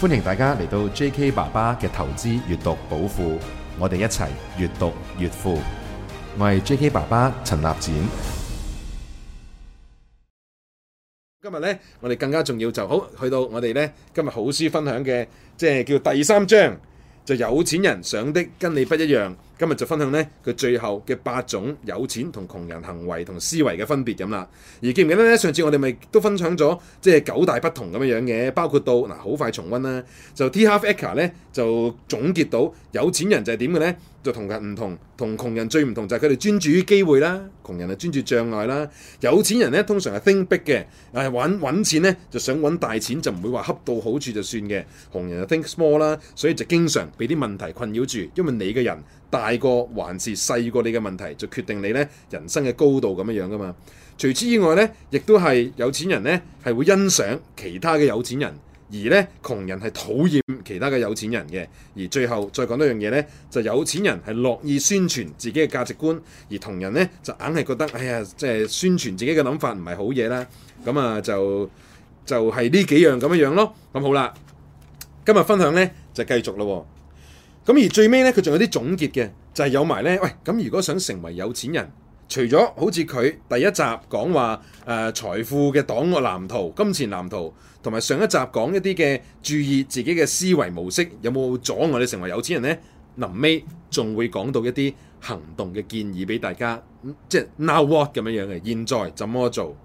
歡迎大家嚟到 J.K. 爸爸嘅投資閱讀寶庫，我哋一齊越讀越富。我係 J.K. 爸爸陳立展。今日呢，我哋更加重要就好去到我哋呢今日好書分享嘅，即係叫第三章，就有錢人想的跟你不一樣。今日就分享咧佢最後嘅八種有錢同窮人行為同思維嘅分別咁啦。而記唔記得咧？上次我哋咪都分享咗即係九大不同咁樣樣嘅，包括到嗱，好快重溫啦。就 T Harv Eker 咧就總結到有錢人就係點嘅咧，就同人唔同，同窮人最唔同就係佢哋專注於機會啦，窮人係專注障礙啦。有錢人咧通常係 think big 嘅，誒揾揾錢咧就想揾大錢，就唔會話恰到好處就算嘅。窮人就 think small 啦，所以就經常俾啲問題困擾住，因為你嘅人。大過還是細過你嘅問題，就決定你呢人生嘅高度咁樣樣噶嘛。除此之外呢，亦都係有錢人呢係會欣賞其他嘅有錢人，而呢窮人係討厭其他嘅有錢人嘅。而最後再講一樣嘢呢，就有錢人係樂意宣傳自己嘅價值觀，而窮人呢就硬係覺得，哎呀，即係宣傳自己嘅諗法唔係好嘢啦。咁啊就就係呢幾樣咁樣樣咯。咁好啦，今日分享呢就繼續咯喎。咁而最尾咧，佢仲有啲總結嘅，就係、是、有埋咧。喂，咁如果想成為有錢人，除咗好似佢第一集講話誒、呃、財富嘅檔案藍圖、金錢藍圖，同埋上一集講一啲嘅注意自己嘅思維模式有冇阻礙你成為有錢人呢？臨尾仲會講到一啲行動嘅建議俾大家，即係 Now what 咁樣樣嘅，現在怎麼做？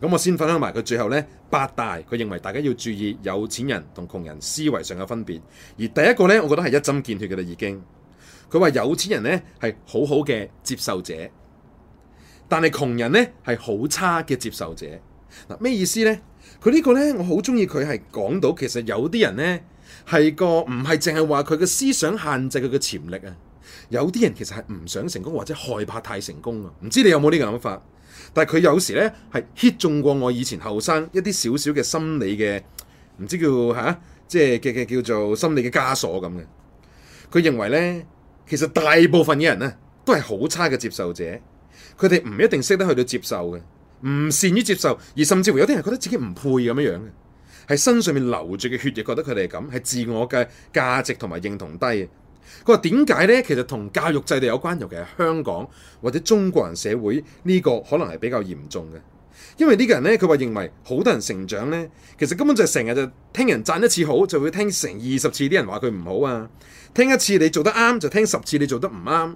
咁我先分享埋佢最後呢八大，佢認為大家要注意有錢人同窮人思維上有分別。而第一個呢，我覺得係一針見血嘅啦，已經。佢話有錢人呢係好好嘅接受者，但係窮人呢係好差嘅接受者。嗱，咩意思呢？佢呢個呢，我好中意佢係講到，其實有啲人呢係個唔係淨係話佢嘅思想限制佢嘅潛力啊。有啲人其實係唔想成功或者害怕太成功啊。唔知你有冇呢個諗法？但係佢有時咧係 hit 中過我以前後生一啲少少嘅心理嘅，唔知叫吓，即係嘅嘅叫做心理嘅枷鎖咁嘅。佢認為咧，其實大部分嘅人咧都係好差嘅接受者，佢哋唔一定識得去到接受嘅，唔善於接受，而甚至乎有啲人覺得自己唔配咁樣樣嘅，喺身上面流住嘅血液覺得佢哋係咁，係自我嘅價值同埋認同低嘅。佢話點解咧？其實同教育制度有關，尤其係香港或者中國人社會，呢個可能係比較嚴重嘅。因為呢個人咧，佢話認為好多人成長咧，其實根本就係成日就聽人讚一次好，就會聽成二十次啲人話佢唔好啊。聽一次你做得啱，就聽十次你做得唔啱。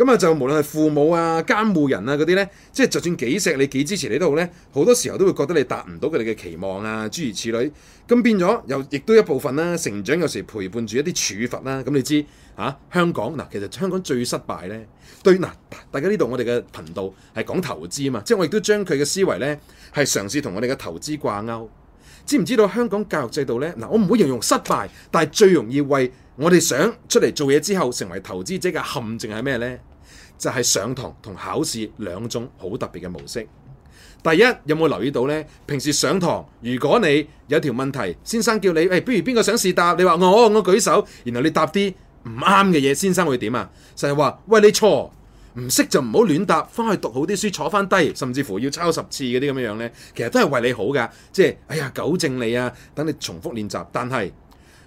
咁啊，就無論係父母啊、監護人啊嗰啲呢，即係就算幾錫你、幾支持你都好呢，好多時候都會覺得你達唔到佢哋嘅期望啊，諸如此類。咁變咗又，亦都一部分啦、啊，成長有時陪伴住一啲處罰啦、啊。咁你知嚇、啊、香港嗱、啊，其實香港最失敗呢，對嗱、啊，大家呢度我哋嘅頻道係講投資嘛，即係我亦都將佢嘅思維呢係嘗試同我哋嘅投資掛鈎。知唔知道香港教育制度呢？嗱、啊？我唔會形容失敗，但係最容易為我哋想出嚟做嘢之後成為投資者嘅陷阱係咩呢？就係上堂同考試兩種好特別嘅模式。第一，有冇留意到呢？平時上堂，如果你有條問題，先生叫你，誒、哎，不如邊個想試答？你話我、哦，我舉手，然後你答啲唔啱嘅嘢，先生會點啊？就係、是、話，喂，你錯，唔識就唔好亂答，翻去讀好啲書，坐翻低，甚至乎要抄十次嗰啲咁樣呢，其實都係為你好嘅，即係，哎呀，糾正你啊，等你重複練習。但係。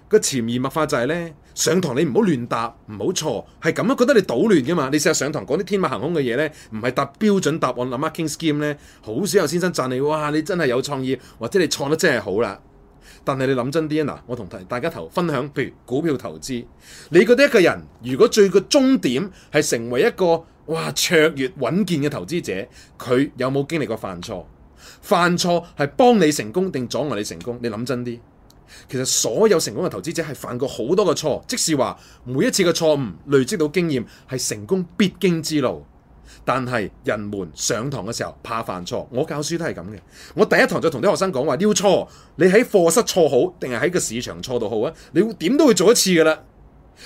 個潛移默化就係、是、咧，上堂你唔好亂答，唔好錯，係咁樣覺得你搗亂嘅嘛。你成日上堂講啲天馬行空嘅嘢咧，唔係答標準答案、marking scheme 咧，Game, 好少有先生讚你。哇！你真係有創意，或者你創得真係好啦。但係你諗真啲啊，嗱，我同大家頭分享，譬如股票投資，你覺得一個人如果最個終點係成為一個哇卓越穩健嘅投資者，佢有冇經歷過犯錯？犯錯係幫你成功定阻礙你成功？你諗真啲。其實所有成功嘅投資者係犯過好多嘅錯，即是話每一次嘅錯誤累積到經驗係成功必經之路。但係人們上堂嘅時候怕犯錯，我教書都係咁嘅。我第一堂就同啲學生講話，你要錯，你喺課室錯好，定係喺個市場錯到好啊？你會點都會做一次噶啦。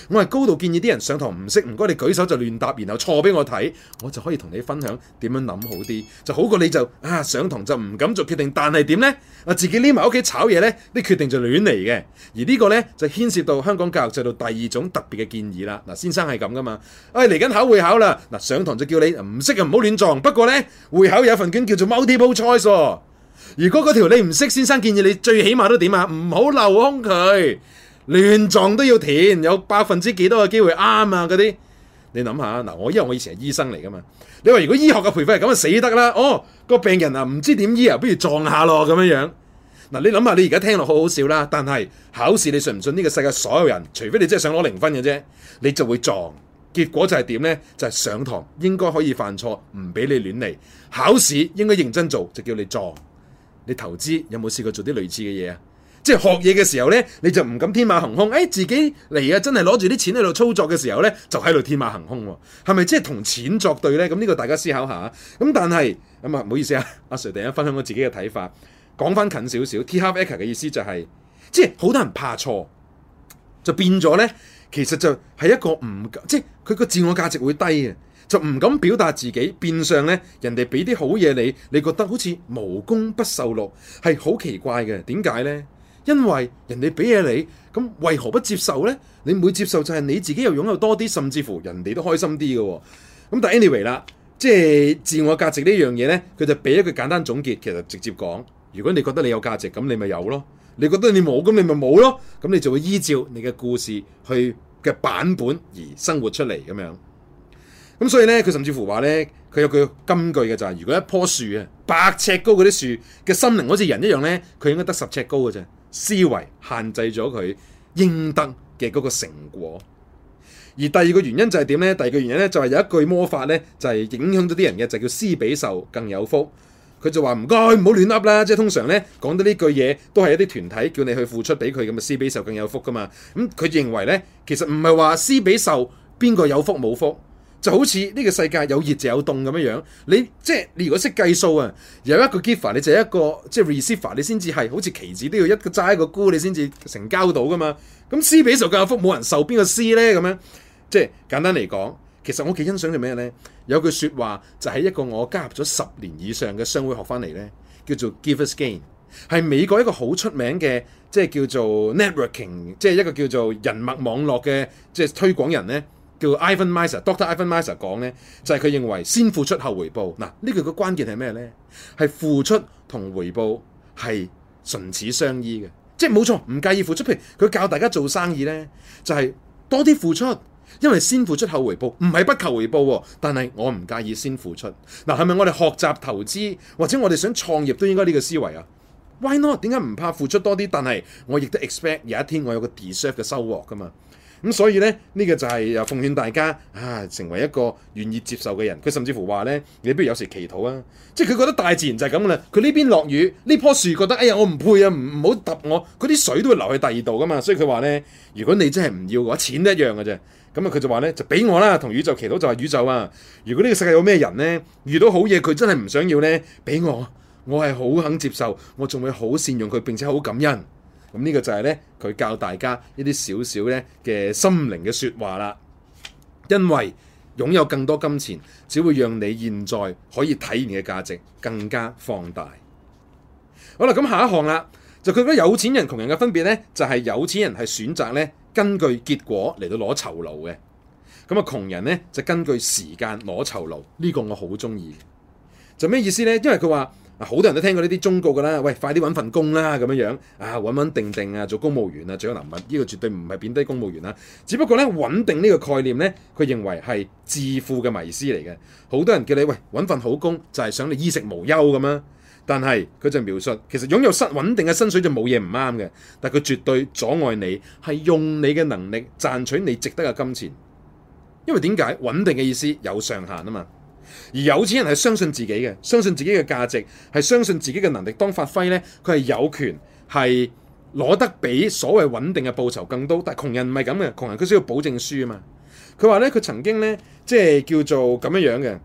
我係高度建議啲人上堂唔識，唔該你舉手就亂答，然後錯俾我睇，我就可以同你分享點樣諗好啲，就好過你就啊上堂就唔敢做決定，但係點呢？嗱，自己匿埋屋企炒嘢呢，你決定就亂嚟嘅。而呢個呢，就牽涉到香港教育制度第二種特別嘅建議啦。嗱，先生係咁㗎嘛，唉嚟緊考會考啦，嗱上堂就叫你唔識就唔好亂撞。不過呢，會考有一份卷叫做 multiple choice。哦，如果嗰條你唔識，先生建議你最起碼都點啊？唔好留空佢。亂撞都要填，有百分之幾多嘅機會啱啊！嗰啲你諗下嗱，我因為我以前係醫生嚟噶嘛，你話如果醫學嘅培訓係咁就死得啦！哦，個病人啊唔知點醫啊，不如撞下咯咁樣樣。嗱，你諗下你而家聽落好好笑啦，但係考試你信唔信呢個世界所有人，除非你真係想攞零分嘅啫，你就會撞。結果就係點呢？就係、是、上堂應該可以犯錯，唔俾你亂嚟；考試應該認真做，就叫你撞。你投資有冇試過做啲類似嘅嘢啊？即係學嘢嘅時候呢，你就唔敢天馬行空。哎，自己嚟啊，真係攞住啲錢喺度操作嘅時候呢，就喺度天馬行空、啊。係咪即係同錢作對呢？咁呢個大家思考下。咁但係咁啊，唔、嗯、好意思啊，阿、啊、Sir 第一分享我自己嘅睇法。講翻近少少，Taker 嘅意思就係、是，即係好多人怕錯，就變咗呢，其實就係一個唔即係佢個自我價值會低嘅，就唔敢表達自己。變相呢，人哋俾啲好嘢你，你覺得好似無功不受禄，係好奇怪嘅。點解呢？因為人哋俾嘢你，咁為何不接受呢？你每接受就係你自己又擁有多啲，甚至乎人哋都開心啲嘅喎。咁但 anyway 啦，即係自我價值呢樣嘢呢，佢就俾一個簡單總結，其實直接講：如果你覺得你有價值，咁你咪有咯；你覺得你冇，咁你咪冇咯。咁你就會依照你嘅故事去嘅版本而生活出嚟咁樣。咁所以呢，佢甚至乎話呢，佢有佢金句嘅就係：如果一棵樹啊，百尺高嗰啲樹嘅心靈好似人一樣呢，佢應該得十尺高嘅啫。.思維限制咗佢應得嘅嗰個成果，而第二個原因就係點呢？第二個原因呢，就係有一句魔法呢，就係、是、影響咗啲人嘅，就叫施比受更有福。佢就話唔該唔好亂噏啦，即係通常呢，講到呢句嘢，都係一啲團體叫你去付出俾佢咁啊，施比受更有福噶嘛。咁、嗯、佢認為呢，其實唔係話施比受邊個有福冇福。就好似呢個世界有熱就有凍咁樣樣，你即係你如果識計數啊，有一個 giver 你就係一個即係 receiver，你先至係好似棋子都要一個齋一個孤，你先至成交到噶嘛。咁施比受更有福，冇人受邊個施咧咁樣。即係簡單嚟講，其實我幾欣賞做咩咧？有句説話就喺、是、一個我加入咗十年以上嘅商會學翻嚟咧，叫做 Givers Gain，係美國一個好出名嘅即係叫做 networking，即係一個叫做人脈網絡嘅即係推廣人咧。叫 iser, Ivan Miser，Doctor Ivan Miser 講咧，就係、是、佢認為先付出後回報。嗱，句呢句嘅關鍵係咩咧？係付出同回報係唇齒相依嘅，即係冇錯，唔介意付出。譬如佢教大家做生意咧，就係、是、多啲付出，因為先付出後回報，唔係不求回報、哦，但係我唔介意先付出。嗱，係咪我哋學習投資或者我哋想創業都應該呢個思維啊？Why not？點解唔怕付出多啲？但係我亦都 expect 有一天我有個 deserve 嘅收穫噶嘛？咁所以咧，呢個就係又奉勸大家啊，成為一個願意接受嘅人。佢甚至乎話咧，你不如有時祈禱啊，即係佢覺得大自然就係咁啦。佢呢邊落雨，呢棵樹覺得，哎呀，我唔配啊，唔唔好揼我。佢啲水都會流去第二度噶嘛。所以佢話咧，如果你真係唔要嘅話，錢都一樣嘅啫。咁啊，佢就話咧，就俾我啦。同宇宙祈禱就係宇宙啊。如果呢個世界有咩人咧，遇到好嘢，佢真係唔想要咧，俾我，我係好肯接受，我仲會好善用佢，並且好感恩。咁呢個就係呢，佢教大家一啲少少呢嘅心靈嘅說話啦。因為擁有更多金錢，只會讓你現在可以體驗嘅價值更加放大。好啦，咁下一項啦，就佢覺得有錢人窮人嘅分別呢，就係有錢人係選擇呢根據結果嚟到攞酬勞嘅，咁啊窮人呢，就根據時間攞酬勞。呢、這個我好中意。就咩意思呢？因為佢話。好多人都聽過呢啲忠告㗎啦，喂，快啲揾份工啦咁樣樣啊，穩穩定定啊，做公務員啊，最有難民。呢個絕對唔係貶低公務員啦，只不過呢，穩定呢個概念呢，佢認為係致富嘅迷思嚟嘅。好多人叫你喂，揾份好工，就係想你衣食無憂咁樣。但係佢就描述，其實擁有薪穩定嘅薪水就冇嘢唔啱嘅，但佢絕對阻礙你係用你嘅能力賺取你值得嘅金錢。因為點解穩定嘅意思有上限啊嘛？而有錢人係相信自己嘅，相信自己嘅價值，係相信自己嘅能力。當發揮呢，佢係有權係攞得比所謂穩定嘅報酬更多。但係窮人唔係咁嘅，窮人佢需要保證書啊嘛。佢話呢，佢曾經呢，即係叫做咁樣樣嘅。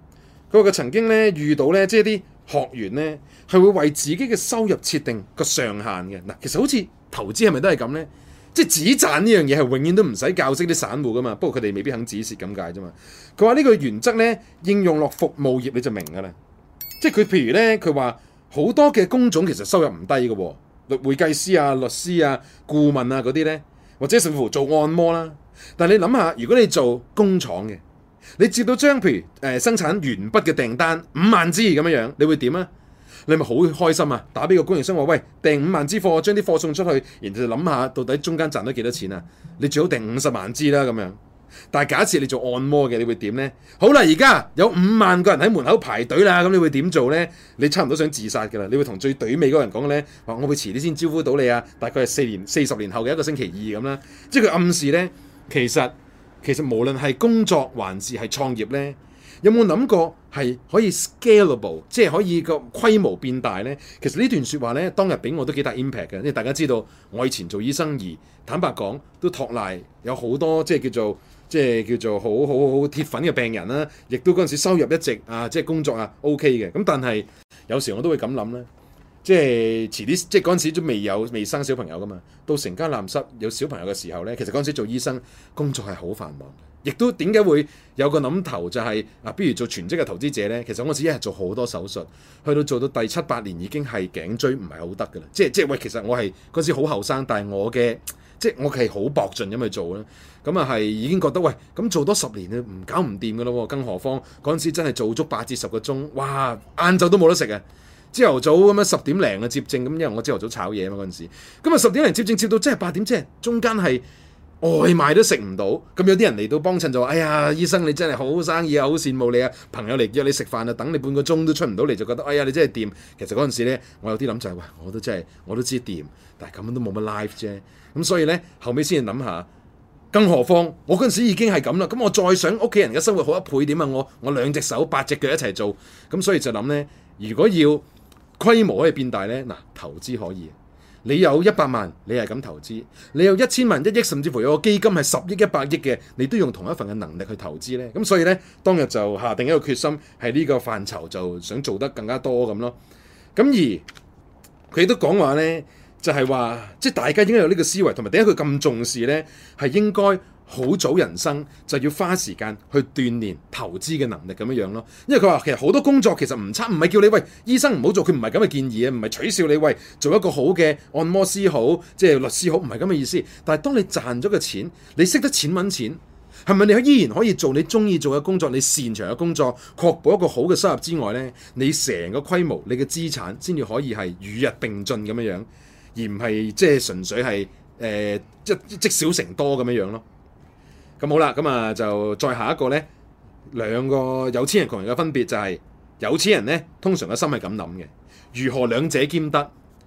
佢話佢曾經呢，遇到呢，即係啲學員呢，係會為自己嘅收入設定個上限嘅。嗱，其實好似投資係咪都係咁呢？即係止賺呢樣嘢係永遠都唔使教識啲散戶噶嘛，不過佢哋未必肯止蝕咁解啫嘛。佢話呢個原則咧，應用落服務業你就明㗎啦。即係佢譬如咧，佢話好多嘅工種其實收入唔低嘅，哦，律會計師啊、律師啊、顧問啊嗰啲咧，或者甚至乎做按摩啦。但係你諗下，如果你做工廠嘅，你接到張譬如誒、呃、生產鉛筆嘅訂單五萬支咁樣樣，你會點啊？你咪好開心啊！打俾個供應商話：喂，訂五萬支貨，將啲貨送出去，然後就諗下到底中間賺咗幾多錢啊？你最好訂五十萬支啦咁樣。但係假設你做按摩嘅，你會點呢？好啦，而家有五萬個人喺門口排隊啦，咁你會點做呢？你差唔多想自殺噶啦！你會同最隊尾嗰人講嘅咧，話我會遲啲先招呼到你啊！大概係四年、四十年後嘅一個星期二咁啦。即係佢暗示呢，其實其實無論係工作還是係創業呢。有冇諗過係可以 scalable，即係可以個規模變大呢？其實呢段說話呢，當日俾我都幾大 impact 嘅。因為大家知道，我以前做醫生而坦白講都託賴有好多即係叫做即係叫做好好好鐵粉嘅病人啦，亦都嗰陣時收入一直啊，即係工作啊 OK 嘅。咁但係有時候我都會咁諗呢，即係遲啲即係嗰陣時都未有未生小朋友噶嘛，到成家立室有小朋友嘅時候呢，其實嗰陣時做醫生工作係好繁忙。亦都點解會有個諗頭就係、是、啊，不如做全職嘅投資者呢？其實嗰陣時一日做好多手術，去到做到第七八年已經係頸椎唔係好得㗎喇。即係即係喂，其實我係嗰時好後生，但係我嘅即係我係好搏盡咁去做啦。咁啊係已經覺得喂，咁做多十年都唔搞唔掂㗎囉。更何況嗰陣時真係做足八至十個鐘，哇！晏晝都冇得食嘅、啊，朝頭早咁樣、嗯、十點零嘅接症咁，因為我朝頭早炒嘢嘛嗰陣時。咁、嗯、啊十點零接症接到即係八點即係中間係。外賣都食唔到，咁有啲人嚟到幫襯就話：哎呀，醫生你真係好生意啊，好羨慕你啊！朋友嚟約你食飯啊，等你半個鐘都出唔到嚟，就覺得哎呀你真係掂。其實嗰陣時呢，我有啲諗就係：喂，我都真係我都知掂，但係咁樣都冇乜 life 啫。咁所以呢，後尾先至諗下，更何況我嗰陣時已經係咁啦。咁我再想屋企人嘅生活好一倍點啊？我我兩隻手八隻腳一齊做，咁所以就諗呢，如果要規模可以變大呢，嗱投資可以。你有一百萬，你係咁投資；你有一千萬、一億，甚至乎有個基金係十億、一百億嘅，你都用同一份嘅能力去投資咧。咁所以咧，當日就下定一個決心，喺呢個範疇就想做得更加多咁咯。咁而佢都講話咧，就係話即係大家應該有呢個思維，同埋點解佢咁重視咧？係應該。好早人生就要花時間去鍛鍊投資嘅能力咁樣樣咯，因為佢話其實好多工作其實唔差，唔係叫你喂醫生唔好做，佢唔係咁嘅建議啊，唔係取笑你喂做一個好嘅按摩師好，即係律師好，唔係咁嘅意思。但係當你賺咗嘅錢，你識得錢揾錢，係咪你依然可以做你鍾意做嘅工作，你擅長嘅工作，確保一個好嘅收入之外呢，你成個規模、你嘅資產先至可以係與日並進咁樣樣，而唔係即係純粹係誒即積少成多咁樣樣咯。咁好啦，咁啊就再下一個咧，兩個有錢人窮人嘅分別就係有錢人咧，通常嘅心係咁諗嘅，如何兩者兼得？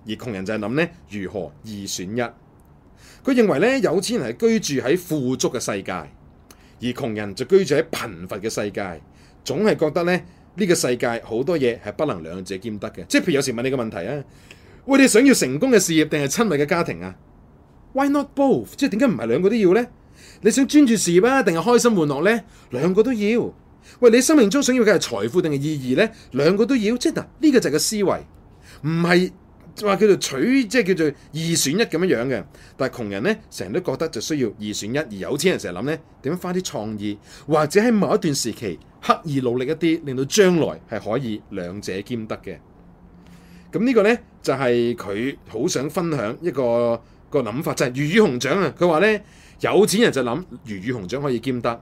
而窮人就係諗咧，如何二選一？佢認為咧，有錢人係居住喺富足嘅世界，而窮人就居住喺貧乏嘅世界，總係覺得咧呢個世界好多嘢係不能兩者兼得嘅。即係譬如有時問你個問題啊，喂，你想要成功嘅事業定係親密嘅家庭啊？Why not both？即係點解唔係兩個都要咧？你想專注事業啊，定係開心玩樂呢？兩個都要。喂，你生命中想要嘅係財富定係意義呢？兩個都要。即嗱，呢個就係個思維，唔係話叫做取，即係叫做二選一咁樣樣嘅。但係窮人呢，成日都覺得就需要二選一；而有錢人成日諗呢，點樣花啲創意，或者喺某一段時期刻意努力一啲，令到將來係可以兩者兼得嘅。咁呢個呢，就係佢好想分享一個。個諗法就係魚與熊掌啊。佢話咧有錢人就諗魚與熊掌可以兼得，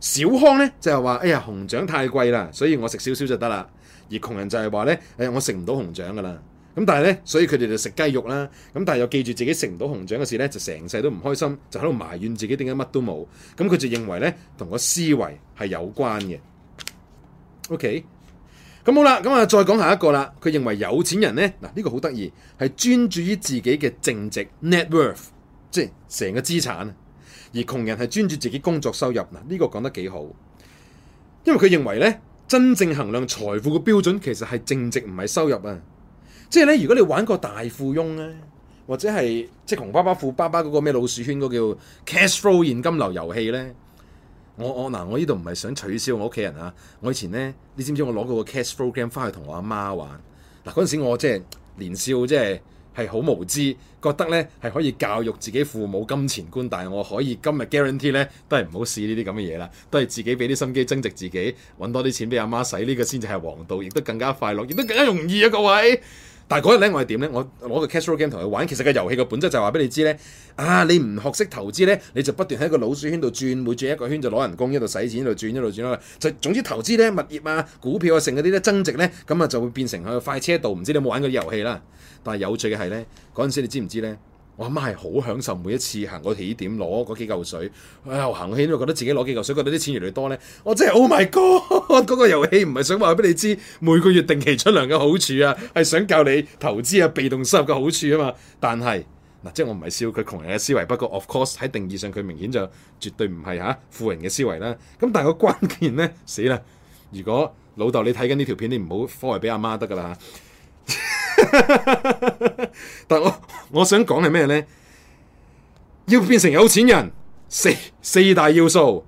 小康咧就係話哎呀熊掌太貴啦，所以我食少少就得啦。而窮人就係話咧誒，我食唔到熊掌噶啦，咁但係咧所以佢哋就食雞肉啦。咁但係又記住自己食唔到熊掌嘅事咧，就成世都唔開心，就喺度埋怨自己點解乜都冇。咁佢就認為咧同個思維係有關嘅。OK。咁好啦，咁啊再講下一個啦。佢認為有錢人呢，嗱、這、呢個好得意，係專注於自己嘅淨值 （net worth），即係成個資產；而窮人係專注自己工作收入。嗱、這、呢個講得幾好，因為佢認為呢，真正衡量財富嘅標準其實係淨值，唔係收入啊。即係呢，如果你玩個大富翁咧，或者係即係窮爸爸富爸爸嗰個咩老鼠圈嗰、那個、叫 cash flow 現金流遊戲呢。我我嗱，我呢度唔係想取消我屋企人啊！我以前呢，你知唔知我攞過個 cash program 翻去同我阿媽玩嗱？嗰陣時我即係年少，即係係好無知，覺得呢係可以教育自己父母金錢觀，但係我可以今日 guarantee 呢，都係唔好試呢啲咁嘅嘢啦，都係自己俾啲心機增值自己，揾多啲錢俾阿媽使，呢個先至係王道，亦都更加快樂，亦都更加容易啊！各位。但嗰日咧，我係點咧？我攞個 Cashflow game 同佢玩，其實個遊戲個本質就係話俾你知咧。啊，你唔學識投資咧，你就不斷喺個老鼠圈度轉，每轉一個圈就攞人工，一度使錢，一度轉，一度轉啦。就總之投資咧，物業啊、股票啊，剩嗰啲咧增值咧，咁啊就會變成喺快車道。唔知你有冇玩過啲遊戲啦？但係有趣嘅係咧，嗰陣時你知唔知咧？我阿媽係好享受每一次行個起點攞嗰幾嚿水，又行起都因覺得自己攞幾嚿水，覺得啲錢越嚟越多呢。我真係 Oh my god！嗰個遊戲唔係想話俾你知每個月定期出糧嘅好處啊，係想教你投資啊，被動收入嘅好處啊嘛。但係嗱，即係我唔係笑佢窮人嘅思維，不過 of course 喺定義上佢明顯就絕對唔係吓富人嘅思維啦。咁但係個關鍵呢，死啦！如果老豆你睇緊呢條片，你唔好 copy 俾阿媽得噶啦。 但我我想講係咩呢？要變成有錢人，四四大要素，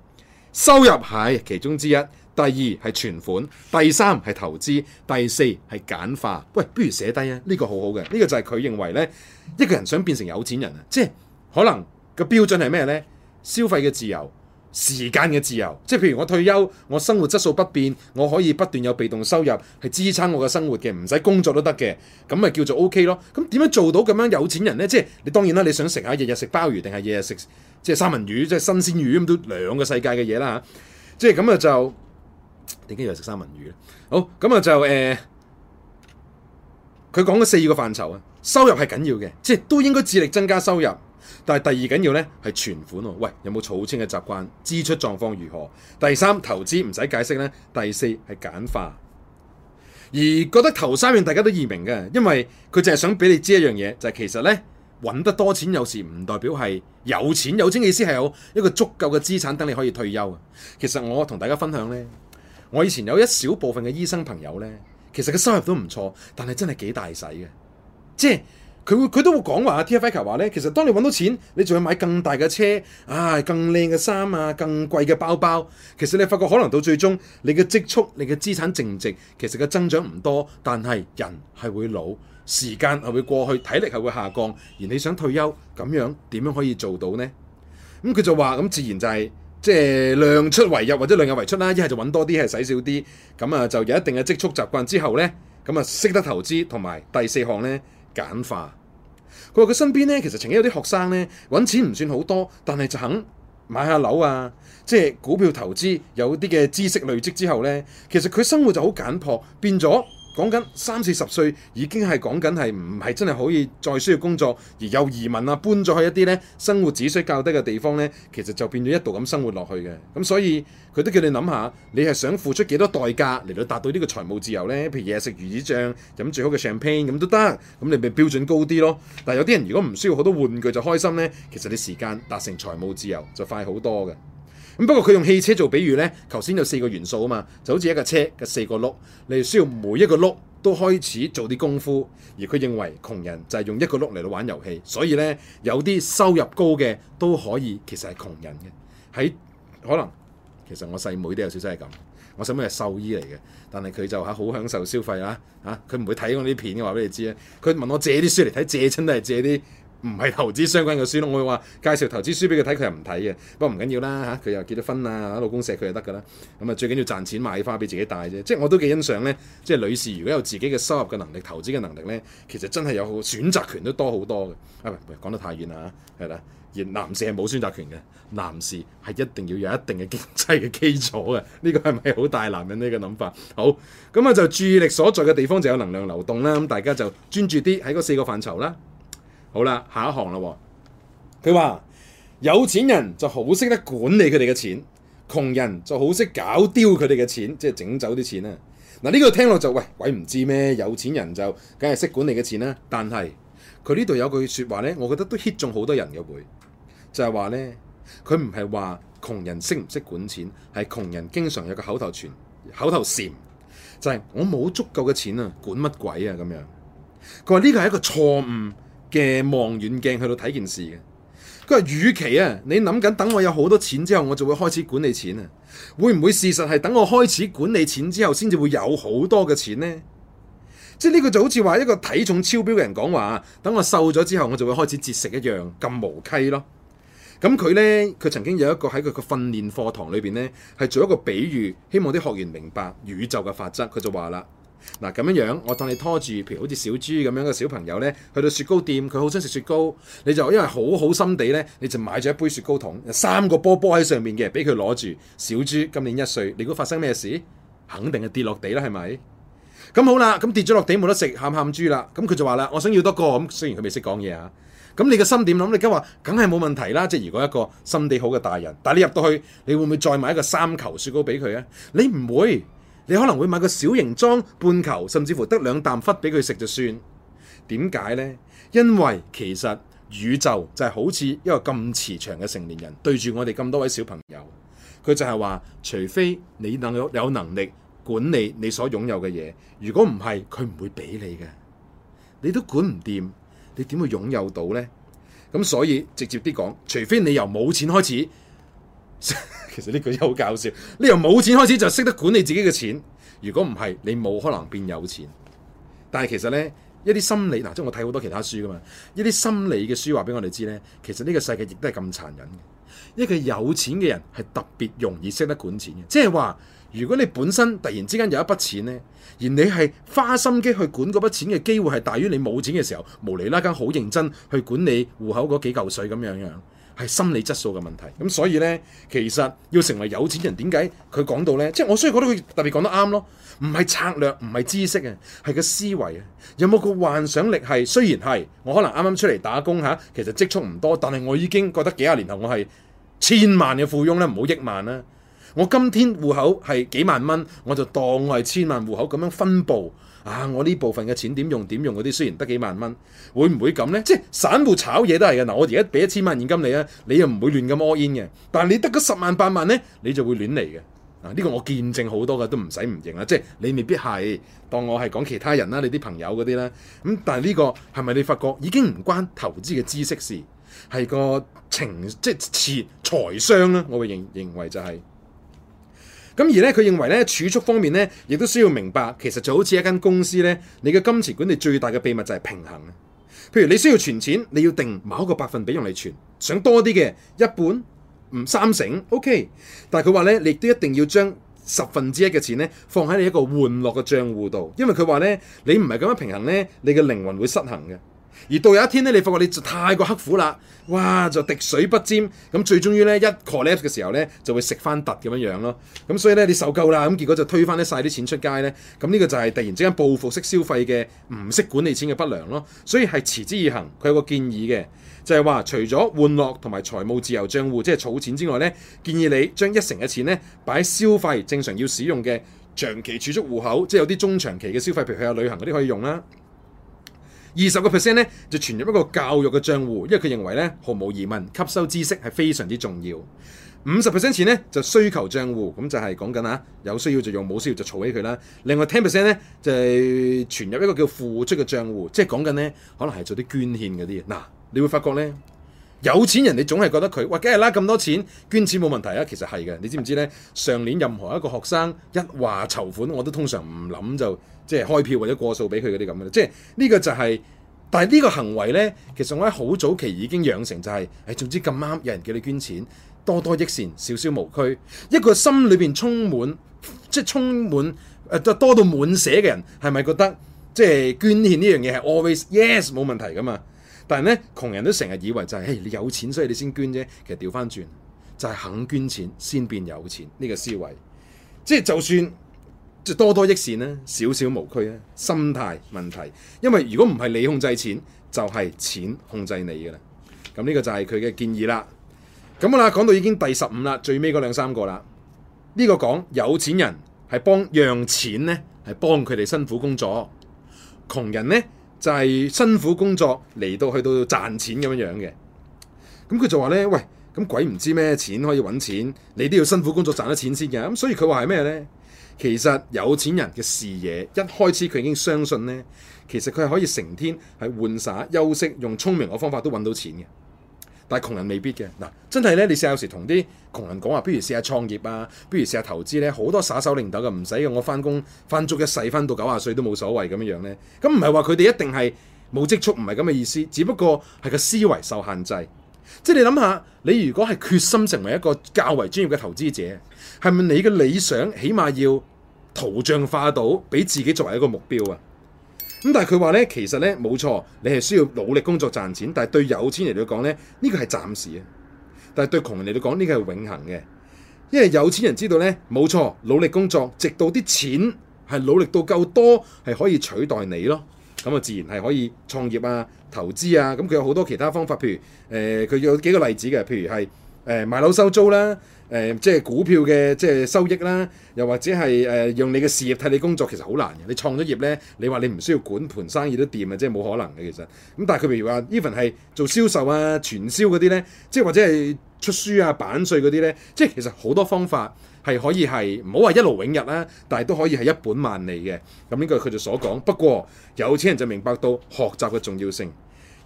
收入係其中之一。第二係存款，第三係投資，第四係簡化。喂，不如寫低啊！呢個好好嘅，呢個就係佢認為呢，一個人想變成有錢人啊，即係可能個標準係咩呢？消費嘅自由。時間嘅自由，即係譬如我退休，我生活質素不變，我可以不斷有被動收入，係支撐我嘅生活嘅，唔使工作都得嘅，咁咪叫做 OK 咯。咁點樣做到咁樣有錢人呢？即係你當然啦，你想食下日日食鮑魚定係日日食即係三文魚，即係新鮮魚咁都兩個世界嘅嘢啦。即係咁啊就點解要食三文魚呢？好，咁啊就誒，佢講咗四個範疇啊，收入係緊要嘅，即係都應該致力增加收入。但係第二緊要呢係存款喎，喂，有冇儲清嘅習慣？支出狀況如何？第三，投資唔使解釋呢？第四係簡化。而覺得頭三樣大家都易明嘅，因為佢淨係想俾你知一樣嘢，就係、是、其實呢，搵得多錢有時唔代表係有錢，有錢嘅意思，係有一個足夠嘅資產等你可以退休。其實我同大家分享呢，我以前有一小部分嘅醫生朋友呢，其實佢收入都唔錯，但係真係幾大使嘅，即係。佢佢都會講話，TFAK 話呢，其實當你揾到錢，你仲要買更大嘅車，啊，更靚嘅衫啊，更貴嘅包包。其實你發覺可能到最終，你嘅積蓄、你嘅資產淨值其實嘅增長唔多，但係人係會老，時間係會過去，體力係會下降。而你想退休，咁樣點樣可以做到呢？咁佢就話，咁自然就係即係量出為入或者量入為出啦。一係就揾多啲，係使少啲。咁啊，就有一定嘅積蓄習慣之後呢，咁啊，識得投資同埋第四項呢。簡化，佢話佢身邊咧，其實曾經有啲學生咧，揾錢唔算好多，但係就肯買下樓啊，即係股票投資，有啲嘅知識累積之後咧，其實佢生活就好簡樸，變咗。講緊三四十歲，已經係講緊係唔係真係可以再需要工作，而有移民啊，搬咗去一啲咧生活指數較低嘅地方咧，其實就變咗一度咁生活落去嘅。咁所以佢都叫你諗下，你係想付出幾多代價嚟到達到呢個財務自由咧？譬如嘢食魚子醬，飲最好嘅 champagne 咁都得，咁你咪標準高啲咯。但係有啲人如果唔需要好多玩具就開心咧，其實你時間達成財務自由就快好多嘅。咁不過佢用汽車做比喻呢，頭先有四個元素啊嘛，就好似一個車嘅四個轆，你需要每一個轆都開始做啲功夫。而佢認為窮人就係用一個轆嚟到玩遊戲，所以呢，有啲收入高嘅都可以其實係窮人嘅。喺可能其實我細妹，妹都有少少係咁，我細妹係獸醫嚟嘅，但係佢就係好享受消費嚇嚇，佢唔會睇我啲片嘅話俾你知啊，佢問我借啲書嚟睇，借親都係借啲。唔係投資相關嘅書咯，我會話介紹投資書俾佢睇，佢又唔睇嘅。不過唔緊要啦嚇，佢又結咗婚啦，老公錫佢就得噶啦。咁啊，最緊要賺錢買花俾自己戴啫。即係我都幾欣賞呢。即係女士如果有自己嘅收入嘅能力、投資嘅能力呢，其實真係有，有選擇權都多好多嘅。啊，唔講得太遠啦嚇，係啦。而男士係冇選擇權嘅，男士係一定要有一定嘅經濟嘅基礎嘅。呢、這個係咪好大男人呢個諗法？好，咁啊，就注意力所在嘅地方就有能量流動啦。咁大家就專注啲喺嗰四個範疇啦。好啦，下一行啦。佢話有錢人就好識得管理佢哋嘅錢，窮人就好識搞丟佢哋嘅錢，即係整走啲錢啦。嗱呢個聽落就喂，鬼唔知咩，有錢人就梗係識管理嘅錢啦，啊啊。但係佢呢度有句說話咧，我覺得都 hit 中好多人嘅會，就係話咧，佢唔係話窮人識唔識管錢，係窮人經常有個口頭禪、口頭禪，就係、是、我冇足夠嘅錢啊，管乜鬼啊咁樣。佢話呢個係一個錯誤。嘅望遠鏡去到睇件事嘅，佢話：「與其啊，你諗緊等我有好多錢之後，我就會開始管理錢啊，會唔會事實係等我開始管理錢之後，先至會有好多嘅錢呢？即係呢個就好似話一個體重超標嘅人講話，等我瘦咗之後，我就會開始節食一樣，咁無稽咯。咁佢呢，佢曾經有一個喺佢嘅訓練課堂裏邊呢，係做一個比喻，希望啲學員明白宇宙嘅法則，佢就話啦。嗱咁樣樣，我當你拖住，譬如好似小豬咁樣嘅、那個、小朋友呢，去到雪糕店，佢好想食雪糕，你就因為好好心地呢，你就買咗一杯雪糕桶，三個波波喺上面嘅，俾佢攞住。小豬今年一歲，你估發生咩事？肯定係跌落地啦，係咪？咁好啦，咁跌咗落地冇得食，喊喊豬啦。咁佢就話啦，我想要多個。咁雖然佢未識講嘢啊，咁你嘅心點諗？你梗話梗係冇問題啦，即係如果一個心地好嘅大人，但係你入到去，你會唔會再買一個三球雪糕俾佢啊？你唔會。你可能會買個小型裝半球，甚至乎得兩啖忽俾佢食就算。點解呢？因為其實宇宙就係好似一個咁慈祥嘅成年人對住我哋咁多位小朋友，佢就係話：除非你能有能力管理你所擁有嘅嘢，如果唔係，佢唔會俾你嘅。你都管唔掂，你點會擁有到呢？咁所以直接啲講，除非你由冇錢開始。其實呢句嘢好搞笑，你由冇錢開始就識得管你自己嘅錢。如果唔係，你冇可能變有錢。但係其實呢，一啲心理，嗱，即係我睇好多其他書噶嘛，一啲心理嘅書話俾我哋知呢，其實呢個世界亦都係咁殘忍嘅。一個有錢嘅人係特別容易識得管錢嘅，即係話，如果你本身突然之間有一筆錢呢，而你係花心機去管嗰筆錢嘅機會係大於你冇錢嘅時候，無厘啦更好認真去管理戶口嗰幾嚿水咁樣樣。係心理質素嘅問題，咁所以呢，其實要成為有錢人，點解佢講到呢，即係我雖然覺得佢特別講得啱咯，唔係策略，唔係知識啊，係個思維啊，有冇個幻想力係？雖然係我可能啱啱出嚟打工吓，其實積蓄唔多，但係我已經覺得幾廿年後我係千萬嘅富翁呢，唔好億萬啦。我今天戶口係幾萬蚊，我就當我係千萬戶口咁樣分佈。啊！我呢部分嘅錢點用點用嗰啲，雖然得幾萬蚊，會唔會咁呢？即係散戶炒嘢都係嘅。嗱，我而家俾一千萬現金你啊，你又唔會亂咁 all in 嘅。但係你得嗰十萬八萬呢，你就會亂嚟嘅。啊！呢個我見證好多嘅，都唔使唔認啦。即係你未必係當我係講其他人啦，你啲朋友嗰啲啦。咁但係呢個係咪你發覺已經唔關投資嘅知識事，係個情即係切財商呢。我會認認為就係、是。咁而咧，佢認為咧儲蓄方面咧，亦都需要明白，其實就好似一間公司咧，你嘅金錢管理最大嘅秘密就係平衡。譬如你需要存錢，你要定某一個百分比用嚟存，想多啲嘅一半，唔三成，OK。但係佢話咧，你亦都一定要將十分之一嘅錢咧放喺你一個玩樂嘅賬戶度，因為佢話咧，你唔係咁樣平衡咧，你嘅靈魂會失衡嘅。而到有一天咧，你發覺你就太過刻苦啦，哇就滴水不沾，咁最終於咧一 collapse 嘅時候咧，就會食翻突咁樣樣咯。咁所以咧，你受夠啦，咁結果就推翻一曬啲錢出街咧。咁呢個就係突然之間報復式消費嘅唔識管理錢嘅不良咯。所以係持之以恒。佢有個建議嘅就係話，除咗玩樂同埋財務自由帳戶即係儲錢之外咧，建議你將一成嘅錢咧擺喺消費正常要使用嘅長期儲蓄戶口，即係有啲中長期嘅消費，譬如去下旅行嗰啲可以用啦。二十個 percent 咧就存入一個教育嘅帳戶，因為佢認為咧毫無疑問吸收知識係非常之重要。五十 percent 錢咧就需求帳戶，咁就係講緊嚇有需要就用，冇需要就儲起佢啦。另外 ten percent 咧就係、是、存入一個叫付出嘅帳戶，即係講緊咧可能係做啲捐獻嗰啲嘢。嗱，你會發覺咧。有錢人你總係覺得佢話梗係啦咁多錢捐錢冇問題啊，其實係嘅，你知唔知呢？上年任何一個學生一話籌款，我都通常唔諗就即係開票或者過數俾佢嗰啲咁嘅，即係呢、這個就係、是。但係呢個行為呢，其實我喺好早期已經養成、就是，就係誒，總之咁啱有人叫你捐錢，多多益善，少少無拘。一個心裏面充滿即係充滿誒、呃、多到滿瀉嘅人，係咪覺得即係捐獻呢樣嘢係 always yes 冇問題㗎嘛？但係咧，窮人都成日以為就係、是，誒，你有錢所以你先捐啫。其實掉返轉，就係、是、肯捐錢先變有錢呢、這個思維。即係就算即多多益善咧、啊，少少無區啊，心態問題。因為如果唔係你控制錢，就係、是、錢控制你噶啦。咁呢個就係佢嘅建議啦。咁好啦，講到已經第十五啦，最尾嗰兩三個啦。呢、這個講有錢人係幫讓錢咧，係幫佢哋辛苦工作。窮人呢……」就係辛苦工作嚟到去到賺錢咁樣樣嘅，咁佢就話咧，喂，咁鬼唔知咩錢可以揾錢，你都要辛苦工作賺咗錢先嘅，咁所以佢話係咩咧？其實有錢人嘅視野一開始佢已經相信咧，其實佢係可以成天係玩耍休息，用聰明嘅方法都揾到錢嘅。但係窮人未必嘅，嗱，真係咧，你試有時同啲窮人講話，不如試下創業啊，不如試下投資咧，好多耍手擰頭嘅，唔使嘅，我翻工翻足一世翻到九廿歲都冇所謂咁樣樣咧，咁唔係話佢哋一定係冇積蓄，唔係咁嘅意思，只不過係個思維受限制。即係你諗下，你如果係決心成為一個較為專業嘅投資者，係咪你嘅理想起碼要圖像化到俾自己作為一個目標啊？咁但係佢話咧，其實咧冇錯，你係需要努力工作賺錢，但係對有錢人嚟講咧，呢、這個係暫時啊，但係對窮人嚟講呢個係永恒嘅，因為有錢人知道咧，冇錯，努力工作直到啲錢係努力到夠多，係可以取代你咯，咁啊自然係可以創業啊、投資啊，咁佢有好多其他方法，譬如誒佢、呃、有幾個例子嘅，譬如係誒、呃、買樓收租啦。誒、呃，即係股票嘅即係收益啦，又或者係誒、呃，用你嘅事業替你工作，其實好難嘅。你創咗業咧，你話你唔需要管盤生意都掂嘅，即係冇可能嘅其實。咁但係佢譬如話，even 係做銷售啊、傳銷嗰啲咧，即係或者係出書啊、版稅嗰啲咧，即係其實好多方法係可以係唔好話一勞永逸啦、啊，但係都可以係一本萬利嘅。咁呢個佢就所講。不過有錢人就明白到學習嘅重要性。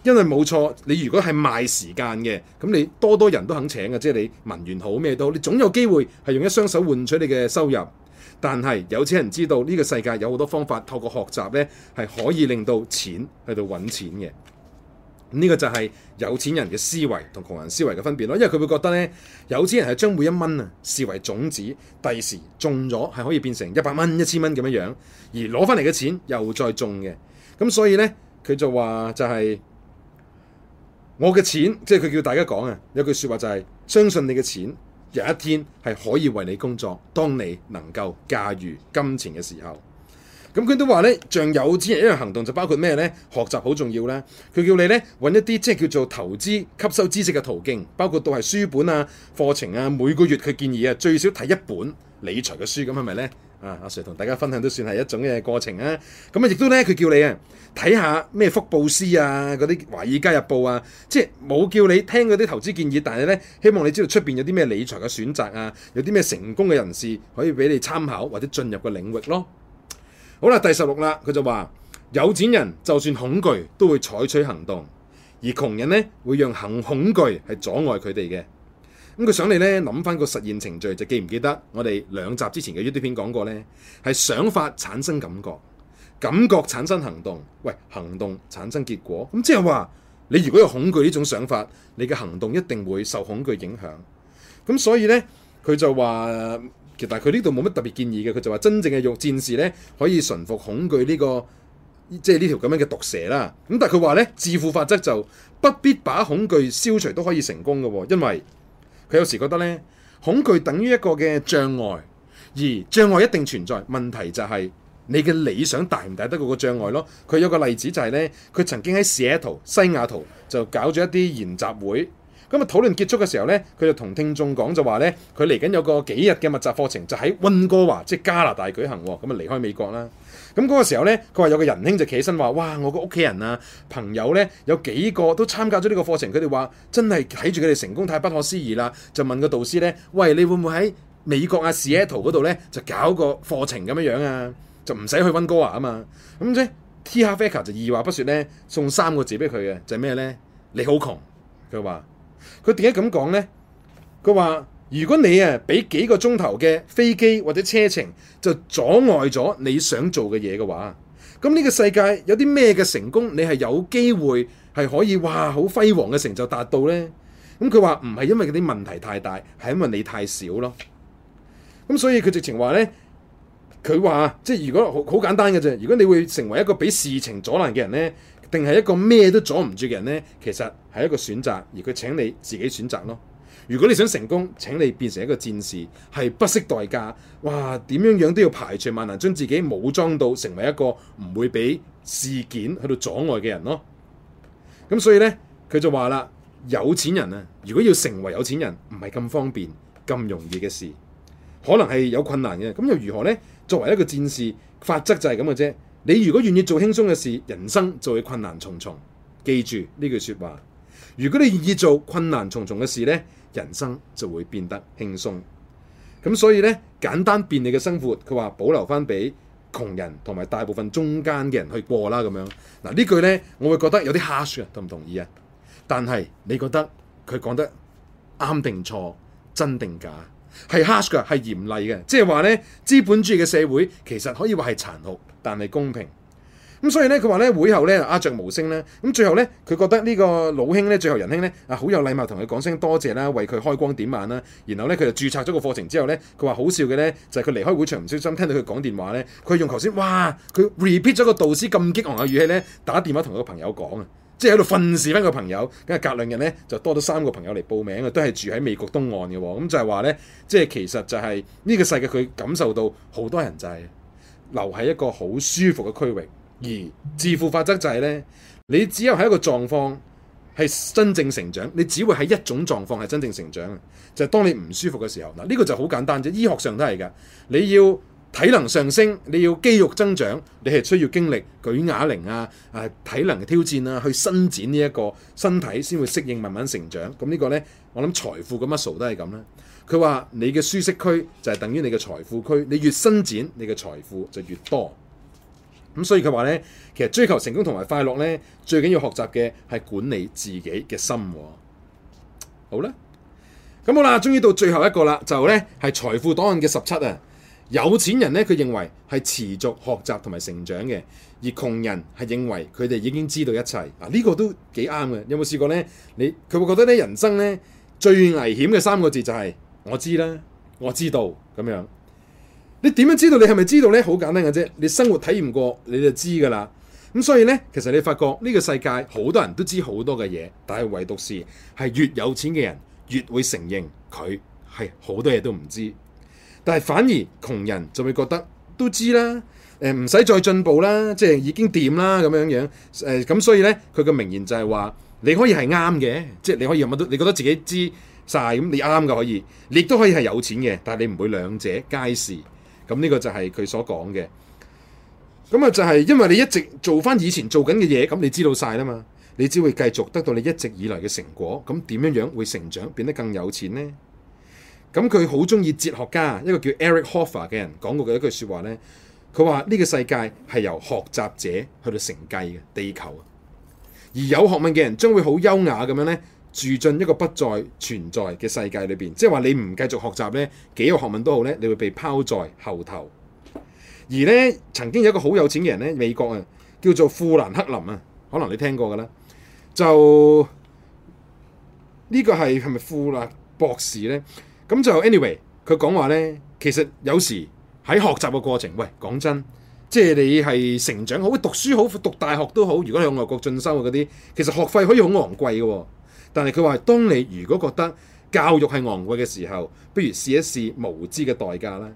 因為冇錯，你如果係賣時間嘅，咁你多多人都肯請嘅，即係你文員好咩都好，你總有機會係用一雙手換取你嘅收入。但係有錢人知道呢個世界有好多方法，透過學習呢係可以令到錢喺度揾錢嘅。呢個就係有錢人嘅思維同窮人思維嘅分別咯。因為佢會覺得呢，有錢人係將每一蚊啊視為種子，第時種咗係可以變成一百蚊、一千蚊咁樣樣，而攞翻嚟嘅錢又再種嘅。咁所以呢，佢就話就係。我嘅錢，即係佢叫大家講啊，有句説話就係、是、相信你嘅錢，有一天係可以為你工作。當你能夠駕馭金錢嘅時候，咁佢都話咧，像有錢人一樣行動，就包括咩呢？學習好重要啦。佢叫你咧揾一啲即係叫做投資、吸收知識嘅途徑，包括到係書本啊、課程啊。每個月佢建議啊，最少睇一本理財嘅書，咁係咪呢？啊，阿 Sir 同大家分享都算係一種嘅過程啊！咁、嗯、啊，亦都咧，佢叫你啊睇下咩福布斯啊，嗰啲華爾街日報啊，即係冇叫你聽嗰啲投資建議，但係咧希望你知道出邊有啲咩理財嘅選擇啊，有啲咩成功嘅人士可以俾你參考或者進入個領域咯。好啦，第十六啦，佢就話 有錢人就算恐懼都會採取行動，而窮人咧會讓行恐懼係阻礙佢哋嘅。咁佢上嚟咧諗翻個實現程序，就記唔記得我哋兩集之前嘅 YouTube 片講過呢？係想法產生感覺，感覺產生行動，喂，行動產生結果。咁即係話，你如果有恐懼呢種想法，你嘅行動一定會受恐懼影響。咁所以呢，佢就話其實佢呢度冇乜特別建議嘅，佢就話真正嘅肉戰士呢，可以馴服恐懼呢個即係呢條咁樣嘅毒蛇啦。咁但係佢話呢，致富法則就不必把恐懼消除都可以成功嘅，因為佢有時覺得咧，恐懼等於一個嘅障礙，而障礙一定存在。問題就係你嘅理想大唔大得過個障礙咯。佢有個例子就係咧，佢曾經喺西雅圖、西雅圖就搞咗一啲研習會。咁啊討論結束嘅時候咧，佢就同聽眾講就話咧，佢嚟緊有個幾日嘅密集課程就喺温哥華，即係加拿大舉行，咁啊離開美國啦。咁嗰個時候咧，佢話有個仁兄就企起身話：哇！我個屋企人啊、朋友咧，有幾個都參加咗呢個課程，佢哋話真係睇住佢哋成功，太不可思議啦！就問個導師咧：喂，你會唔會喺美國啊，Seattle 嗰度咧就搞個課程咁樣樣啊？就唔使去温哥華啊嘛。咁啫 T Harv Eker 就二話不說咧，送三個字俾佢嘅，就係咩咧？你好窮。佢話：佢點解咁講咧？佢話。如果你啊俾幾個鐘頭嘅飛機或者車程就阻礙咗你想做嘅嘢嘅話，咁呢個世界有啲咩嘅成功你係有機會係可以哇，好輝煌嘅成就達到呢？咁佢話唔係因為嗰啲問題太大，係因為你太少咯。咁所以佢直情話呢，佢話即係如果好好簡單嘅啫。如果你會成為一個俾事情阻攔嘅人呢，定係一個咩都阻唔住嘅人呢？其實係一個選擇，而佢請你自己選擇咯。如果你想成功，請你變成一個戰士，係不惜代價，哇！點樣樣都要排除萬難，將自己武裝到成為一個唔會俾事件去到阻礙嘅人咯。咁所以呢，佢就話啦：「有錢人啊，如果要成為有錢人，唔係咁方便、咁容易嘅事，可能係有困難嘅。咁又如何呢？作為一個戰士，法則就係咁嘅啫。你如果願意做輕鬆嘅事，人生就會困難重重。記住呢句說話。如果你願意做困難重重嘅事呢。」人生就會變得輕鬆，咁所以呢，簡單便利嘅生活，佢話保留翻俾窮人同埋大部分中間嘅人去過啦咁樣。嗱呢句呢，我會覺得有啲 harsh 嘅，同唔同意啊？但係你覺得佢講得啱定錯，真定假？係 harsh 嘅，係嚴厲嘅，即係話呢，資本主義嘅社會其實可以話係殘酷，但係公平。咁所以咧，佢話咧會後咧啊，著無聲啦。咁最後咧，佢覺得呢個老兄咧，最後人兄咧啊，好有禮貌，同佢講聲多謝啦，為佢開光點眼啦。然後咧，佢就註冊咗個課程之後咧，佢話好笑嘅咧，就係、是、佢離開會場唔小心聽到佢講電話咧，佢用頭先哇，佢 repeat 咗個導師咁激昂嘅語氣咧，打電話同佢個朋友講啊，即係喺度訓示翻個朋友。咁隔兩日咧就多咗三個朋友嚟報名啊，都係住喺美國東岸嘅。咁、嗯、就係話咧，即係其實就係呢個世界，佢感受到好多人就係留喺一個好舒服嘅區域。而致富法則就係、是、咧，你只有喺一個狀況係真正成長，你只會喺一種狀況係真正成長嘅，就係、是、當你唔舒服嘅時候。嗱，呢個就好簡單啫，醫學上都係㗎。你要體能上升，你要肌肉增長，你係需要經歷舉啞鈴啊，誒、啊、體能嘅挑戰啊，去伸展呢一個身體先會適應慢慢成長。咁、嗯、呢個呢，我諗財富嘅 muscle 都係咁啦。佢話你嘅舒適區就係等於你嘅財富區，你越伸展，你嘅財富就越多。咁所以佢話咧，其實追求成功同埋快樂咧，最緊要學習嘅係管理自己嘅心。好啦，咁好啦，終於到最後一個啦，就咧係財富檔案嘅十七啊。有錢人咧，佢認為係持續學習同埋成長嘅，而窮人係認為佢哋已經知道一切啊。呢個都幾啱嘅。有冇試過咧？你佢會覺得咧，人生咧最危險嘅三個字就係我知啦，我知道咁樣。你點樣知道你係咪知道呢？好簡單嘅啫，你生活體驗過你就知噶啦。咁所以呢，其實你發覺呢個世界好多人都知好多嘅嘢，但係唯獨是係越有錢嘅人越會承認佢係好多嘢都唔知，但係反而窮人就會覺得都知啦，呃、唔使再進步啦，即係已經掂啦咁樣樣。誒、呃、咁所以呢，佢嘅名言就係話，你可以係啱嘅，即係你可以有乜都，你覺得自己知晒，咁你啱嘅可以，你亦都可以係有錢嘅，但係你唔會兩者皆是。咁呢個就係佢所講嘅，咁啊就係因為你一直做翻以前做緊嘅嘢，咁你知道晒啦嘛，你只會繼續得到你一直以來嘅成果，咁點樣樣會成長變得更有錢呢？咁佢好中意哲學家一個叫 Eric Hoffer 嘅人講過嘅一句話說話呢：「佢話呢個世界係由學習者去到承繼嘅地球，而有學問嘅人將會好優雅」咁樣呢，住進一個不再存在嘅世界裏邊，即係話你唔繼續學習呢幾多學問都好呢，你會被拋在後頭。而呢曾經有一個好有錢嘅人呢，美國啊，叫做富蘭克林啊，可能你聽過㗎啦。就呢、這個係係咪富勒、啊、博士呢？咁就 anyway，佢講話呢，其實有時喺學習嘅過程，喂，講真，即係你係成長好、讀書好、讀大學都好，如果你喺外國進修嗰啲，其實學費可以好昂貴嘅、哦。但係佢話，當你如果覺得教育係昂貴嘅時候，不如試一試無知嘅代價啦。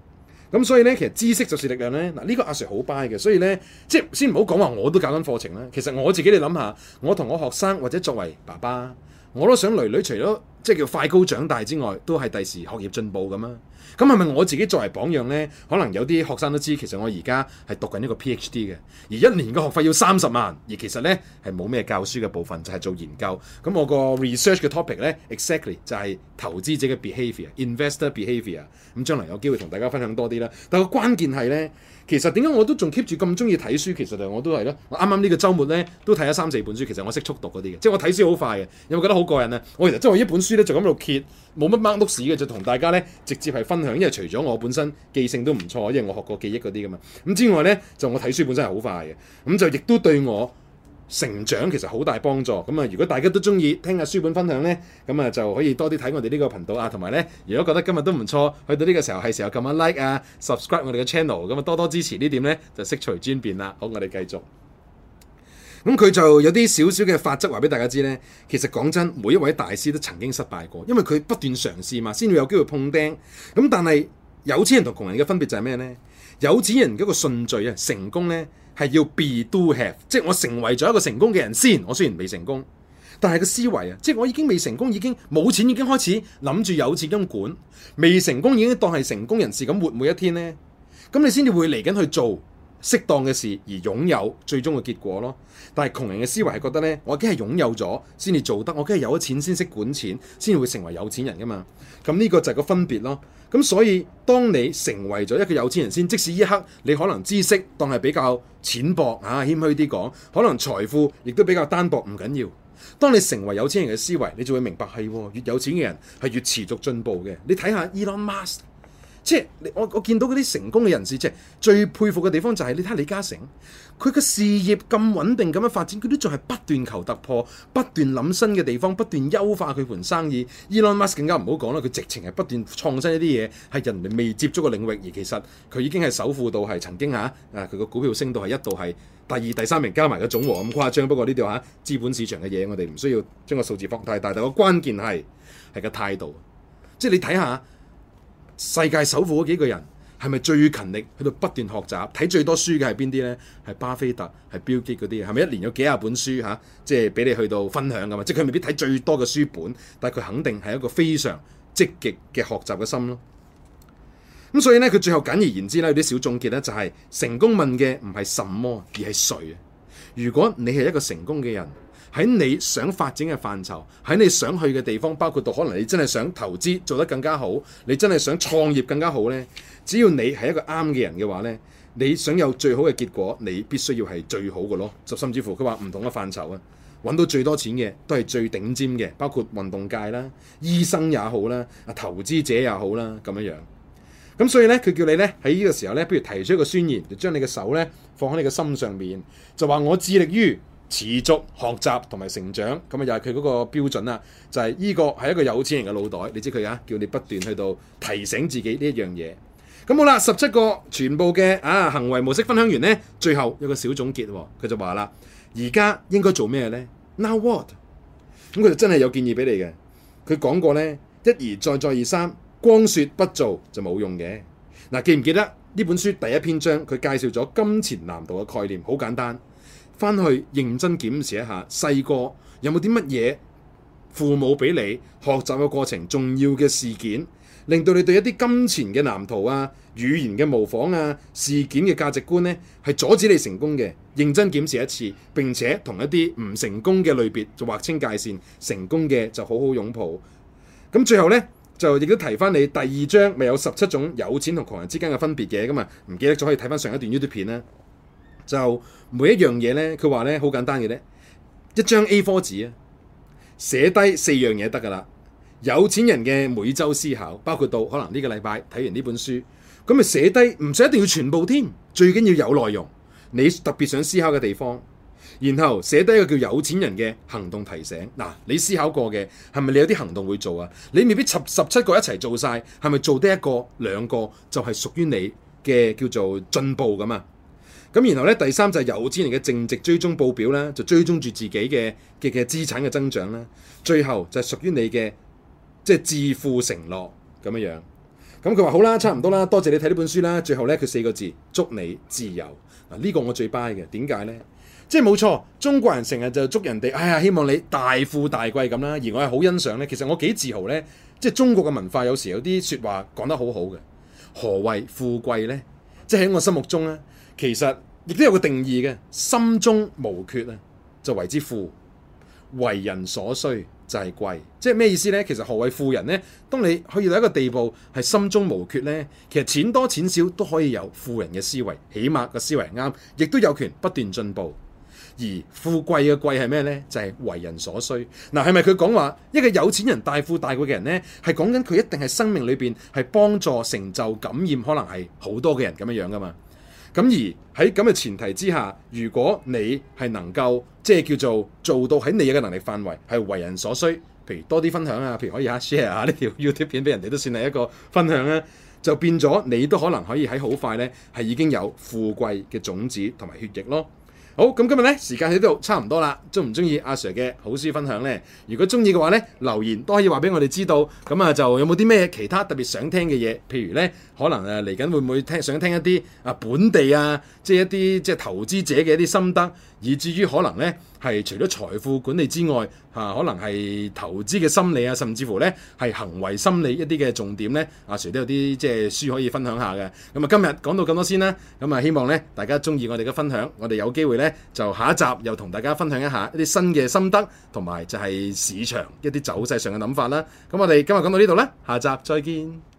咁所以呢，其實知識就是力量呢。嗱，呢個阿 Sir 好 buy 嘅，所以呢，即係先唔好講話我都搞緊課程啦。其實我自己你諗下，我同我學生或者作為爸爸，我都想女女除咗即係叫快高長大之外，都係第時學業進步咁啊。咁係咪我自己作為榜樣呢，可能有啲學生都知，其實我而家係讀緊呢個 PhD 嘅，而一年嘅學費要三十萬，而其實呢，係冇咩教書嘅部分，就係做研究。咁我個 research 嘅 topic 呢 exactly 就係投資者嘅 behavior，investor behavior。咁將來有機會同大家分享多啲啦。但個關鍵係呢，其實點解我都仲 keep 住咁中意睇書？其實我都係咯。我啱啱呢個週末呢，都睇咗三四本書。其實我識速讀嗰啲嘅，即係我睇書好快嘅。有冇覺得好過癮呢？我其實真係一本書呢，就咁度揭，冇乜擝碌屎嘅，就同大家呢，直接係分。因為除咗我本身記性都唔錯，因為我學過記憶嗰啲噶嘛，咁之外呢，就我睇書本身係好快嘅，咁就亦都對我成長其實好大幫助。咁啊，如果大家都中意聽下書本分享呢，咁啊就可以多啲睇我哋呢個頻道啊，同埋呢，如果覺得今日都唔錯，去到呢個時候係時候撳下 like 啊，subscribe 我哋嘅 channel，咁啊多多支持呢點呢，就悉隨尊便啦。好，我哋繼續。咁佢就有啲少少嘅法則，話俾大家知呢。其實講真，每一位大師都曾經失敗過，因為佢不斷嘗試嘛，先會有機會碰釘。咁但係有錢人同窮人嘅分別就係咩呢？有錢人嘅一個順序啊，成功呢係要 be do have，即係我成為咗一個成功嘅人先。我雖然未成功，但係個思維啊，即係我已經未成功，已經冇錢，已經開始諗住有錢金管。未成功已經當係成功人士咁活每一天呢。咁你先至會嚟緊去做適當嘅事而擁有最終嘅結果咯，但係窮人嘅思維係覺得呢，我梗係擁有咗先至做得，我梗係有咗錢先識管錢，先會成為有錢人噶嘛。咁、嗯、呢、呢個就係個分別咯。咁、嗯、所以當你成為咗一個有錢人先，即使一刻你可能知識當係比較淺薄啊，謙虛啲講，可能財富亦都比較單薄，唔緊要。當你成為有錢人嘅思維，你就會明白係、嗯、越有錢嘅人係越持續進步嘅。你睇下 Elon Musk。即係我我見到嗰啲成功嘅人士，即係最佩服嘅地方就係、是、你睇下李嘉誠，佢嘅事業咁穩定咁樣發展，佢都仲係不斷求突破，不斷諗新嘅地方，不斷優化佢盤生意。伊朗 o n 更加唔好講啦，佢直情係不斷創新一啲嘢，係人哋未接觸嘅領域，而其實佢已經係首富到係曾經吓，佢、啊、個股票升到係一度係第二、第三名加埋嘅總和咁誇張。不過呢啲嚇資本市場嘅嘢，我哋唔需要將個數字放太大。但個關鍵係係個態度，即係你睇下。世界首富嗰幾個人係咪最勤力，去到不斷學習睇最多書嘅係邊啲呢？係巴菲特係 Bill Gates 嗰啲係咪一年有幾廿本書吓、啊？即係俾你去到分享噶嘛？即係佢未必睇最多嘅書本，但係佢肯定係一個非常積極嘅學習嘅心咯。咁所以呢，佢最後簡而言之呢，有啲小總結呢、就是，就係成功問嘅唔係什麼而係誰。如果你係一個成功嘅人。喺你想發展嘅範疇，喺你想去嘅地方，包括到可能你真係想投資做得更加好，你真係想創業更加好呢？只要你係一個啱嘅人嘅話呢，你想有最好嘅結果，你必須要係最好嘅咯。就甚至乎佢話唔同嘅範疇啊，揾到最多錢嘅都係最頂尖嘅，包括運動界啦、醫生也好啦、啊投資者也好啦咁樣樣。咁所以呢，佢叫你呢喺呢個時候呢，不如提出一個宣言，就將你嘅手呢放喺你嘅心上面，就話我致力於持續學習同埋成長，咁啊又係佢嗰個標準啦。就係呢個係一個有錢人嘅腦袋，你知佢啊，叫你不斷去到提醒自己呢一樣嘢。咁好啦，十七個全部嘅啊行為模式分享完呢，最後有個小總結，哦，佢就話啦：而家應該做咩呢？Now what？咁佢就真係有建議俾你嘅。佢講過呢：「一而再，再而三，光說不做就冇用嘅。嗱，記唔記得呢本書第一篇章佢介紹咗金錢藍圖嘅概念？好簡單。翻去認真檢視一下細個有冇啲乜嘢，父母俾你學習嘅過程，重要嘅事件，令到你對一啲金錢嘅藍圖啊、語言嘅模仿啊、事件嘅價值觀呢，係阻止你成功嘅。認真檢視一次，並且同一啲唔成功嘅類別就劃清界線，成功嘅就好好擁抱。咁最後呢，就亦都提翻你第二章，咪有十七種有錢同窮人之間嘅分別嘅，咁嘛唔記得咗可以睇翻上一段 YouTube 片啦。就每一樣嘢咧，佢話咧好簡單嘅咧，一張 A4 紙啊，寫低四樣嘢得噶啦。有錢人嘅每周思考，包括到可能呢個禮拜睇完呢本書，咁咪寫低，唔使一定要全部添，最緊要有內容，你特別想思考嘅地方，然後寫低一個叫有錢人嘅行動提醒。嗱，你思考過嘅係咪你有啲行動會做啊？你未必十十七個一齊做晒，係咪做得一個兩個就係屬於你嘅叫做進步咁啊？咁然後咧，第三就係有錢人嘅淨值追蹤報表啦，就追蹤住自己嘅嘅嘅資產嘅增長啦。最後就係屬於你嘅，即係致富承諾咁樣樣。咁佢話好啦，差唔多啦，多謝你睇呢本書啦。最後咧，佢四個字祝你自由。啊，呢個我最 buy 嘅。點解咧？即係冇錯，中國人成日就祝人哋，哎呀，希望你大富大貴咁啦。而我係好欣賞咧，其實我幾自豪咧，即係中國嘅文化有時有啲説話講得好好嘅。何謂富貴咧？即係喺我心目中咧。其實亦都有個定義嘅，心中無缺呢，就為之富；為人所需就係貴，即係咩意思呢？其實何謂富人呢？當你去到一個地步，係心中無缺呢，其實錢多錢少都可以有富人嘅思維，起碼個思維啱，亦都有權不斷進步。而富貴嘅貴係咩呢？就係、是、為人所需。嗱，係咪佢講話一個有錢人大富大貴嘅人呢，係講緊佢一定係生命裏邊係幫助成就感染，可能係好多嘅人咁樣樣噶嘛？咁而喺咁嘅前提之下，如果你係能夠即係叫做做到喺你嘅能力範圍，係為人所需，譬如多啲分享啊，譬如可以嚇 share 下呢條 YouTube 片俾人哋，都算係一個分享咧，啊，就變咗你都可能可以喺好快呢係已經有富貴嘅種子同埋血液咯。好，咁今日呢時間喺度差唔多啦，中唔中意阿 Sir 嘅好書分享呢？如果中意嘅話呢，留言都可以話俾我哋知道。咁啊，就有冇啲咩其他特別想聽嘅嘢？譬如呢。可能誒嚟緊會唔會聽想聽一啲啊本地啊，即係一啲即係投資者嘅一啲心得，以至於可能呢係除咗財富管理之外，嚇、啊、可能係投資嘅心理啊，甚至乎呢係行為心理一啲嘅重點呢，阿、啊、Sir 都有啲即係書可以分享下嘅。咁啊，今日講到咁多先啦，咁啊，希望呢大家鍾意我哋嘅分享，我哋有機會呢就下一集又同大家分享一下一啲新嘅心得同埋就係市場一啲走勢上嘅諗法啦。咁我哋今日講到呢度啦，下集再見。